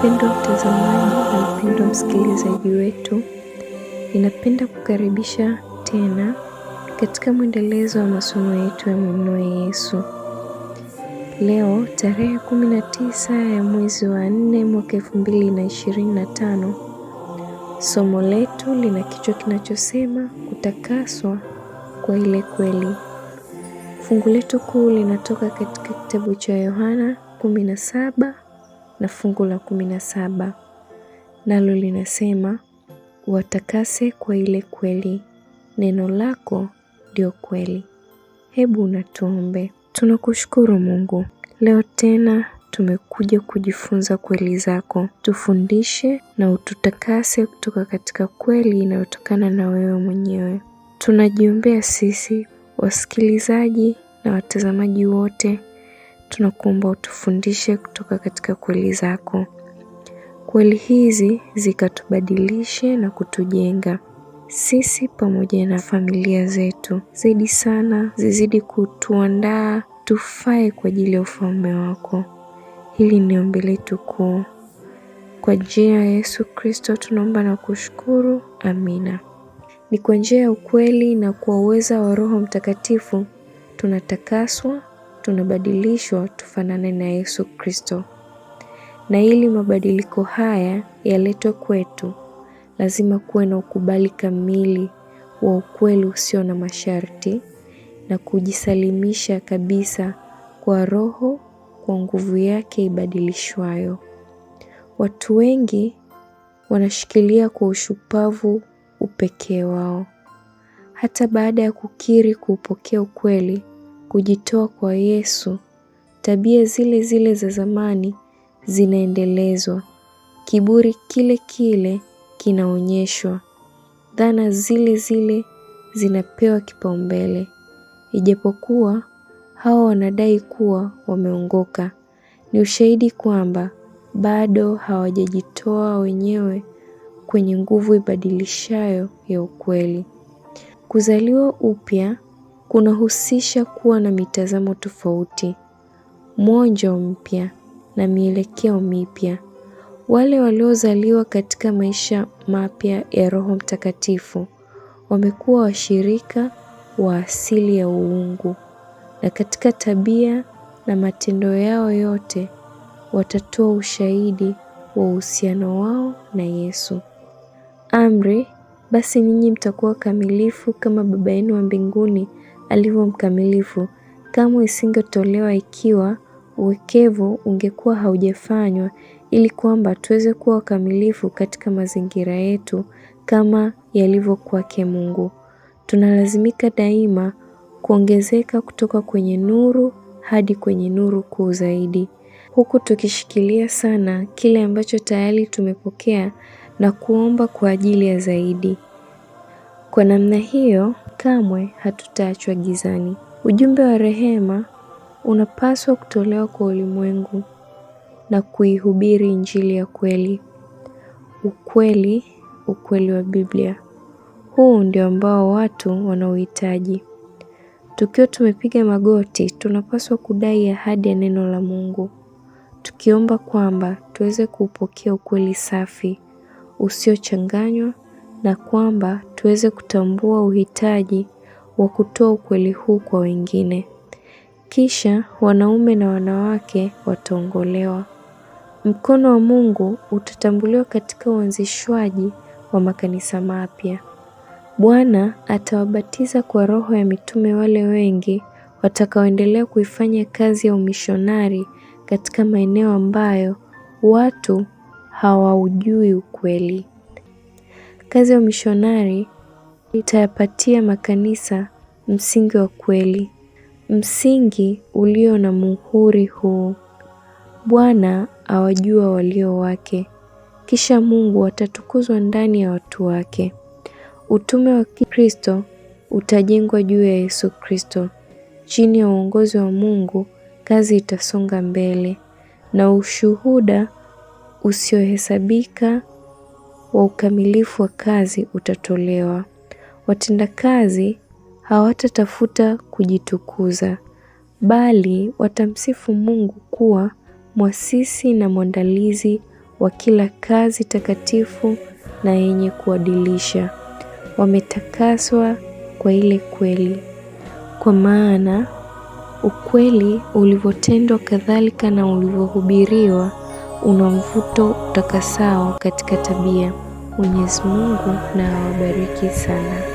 Mpendwa mtazamaji na mpendwa msikilizaji wetu, ninapenda kukaribisha tena katika mwendelezo wa masomo yetu ya Mumnue Yesu. Leo tarehe 19 ya mwezi wa 4 mwaka 2025, somo letu lina kichwa kinachosema kutakaswa kwa ile kweli. Fungu letu kuu linatoka katika kitabu cha Yohana 17 na fungu la kumi na saba nalo linasema watakase kwa ile kweli, neno lako ndio kweli. Hebu natuombe. Tunakushukuru Mungu, leo tena tumekuja kujifunza kweli zako. Tufundishe na ututakase kutoka katika kweli inayotokana na wewe mwenyewe. Tunajiombea sisi, wasikilizaji na watazamaji wote tunakuomba utufundishe kutoka katika kweli zako. Kweli hizi zikatubadilishe na kutujenga sisi pamoja na familia zetu, zaidi sana zizidi kutuandaa tufae kwa ajili ya ufalme wako. Hili ni ombi letu kuu, kwa njia ya Yesu Kristo tunaomba na kushukuru, amina. Ni kwa njia ya ukweli na kwa uweza wa Roho Mtakatifu tunatakaswa tunabadilishwa tufanane na Yesu Kristo, na ili mabadiliko haya yaletwe kwetu, lazima kuwe na ukubali kamili wa ukweli usio na masharti na kujisalimisha kabisa kwa Roho kwa nguvu yake ibadilishwayo. Watu wengi wanashikilia kwa ushupavu upekee wao hata baada ya kukiri kuupokea ukweli kujitoa kwa Yesu, tabia zile zile za zamani zinaendelezwa, kiburi kile kile kinaonyeshwa, dhana zile zile zinapewa kipaumbele, ijapokuwa hawa wanadai kuwa wameongoka. Ni ushahidi kwamba bado hawajajitoa wenyewe kwenye nguvu ibadilishayo ya ukweli. Kuzaliwa upya kunahusisha kuwa na mitazamo tofauti, mwonjo mpya na mielekeo mipya. Wale waliozaliwa katika maisha mapya ya Roho Mtakatifu wamekuwa washirika wa asili ya uungu, na katika tabia na matendo yao yote watatoa ushahidi wa uhusiano wao na Yesu. Amri, basi ninyi mtakuwa kamilifu kama Baba yenu wa mbinguni alivyo mkamilifu kamwe isingetolewa ikiwa uwekevu ungekuwa haujafanywa ili kwamba tuweze kuwa wakamilifu katika mazingira yetu kama yalivyo kwake Mungu. Tunalazimika daima kuongezeka kutoka kwenye nuru hadi kwenye nuru kuu zaidi, huku tukishikilia sana kile ambacho tayari tumepokea na kuomba kwa ajili ya zaidi. Kwa namna hiyo kamwe hatutaachwa gizani. Ujumbe wa rehema unapaswa kutolewa kwa ulimwengu na kuihubiri Injili ya kweli. Ukweli, ukweli wa Biblia. Huu ndio ambao watu wanauhitaji. Tukiwa tumepiga magoti, tunapaswa kudai ahadi ya neno la Mungu, tukiomba kwamba tuweze kuupokea ukweli safi usiochanganywa na kwamba tuweze kutambua uhitaji wa kutoa ukweli huu kwa wengine. Kisha wanaume na wanawake wataongolewa. Mkono wa Mungu utatambuliwa katika uanzishwaji wa makanisa mapya. Bwana atawabatiza kwa roho ya mitume wale wengi watakaoendelea kuifanya kazi ya umishonari katika maeneo ambayo watu hawaujui ukweli. Kazi ya umishonari itayapatia makanisa msingi wa kweli, msingi ulio na muhuri huu: Bwana awajua walio wake, kisha Mungu atatukuzwa ndani ya watu wake. Utume wa Kikristo utajengwa juu ya Yesu Kristo. Chini ya uongozi wa Mungu, kazi itasonga mbele na ushuhuda usiohesabika wa ukamilifu wa kazi utatolewa. Watendakazi hawatatafuta kujitukuza, bali watamsifu Mungu kuwa mwasisi na mwandalizi wa kila kazi takatifu na yenye kuadilisha. Wametakaswa kwa ile kweli, kwa maana ukweli ulivyotendwa kadhalika na ulivyohubiriwa una mvuto utakasao katika tabia. Mwenyezi Mungu na awabariki sana.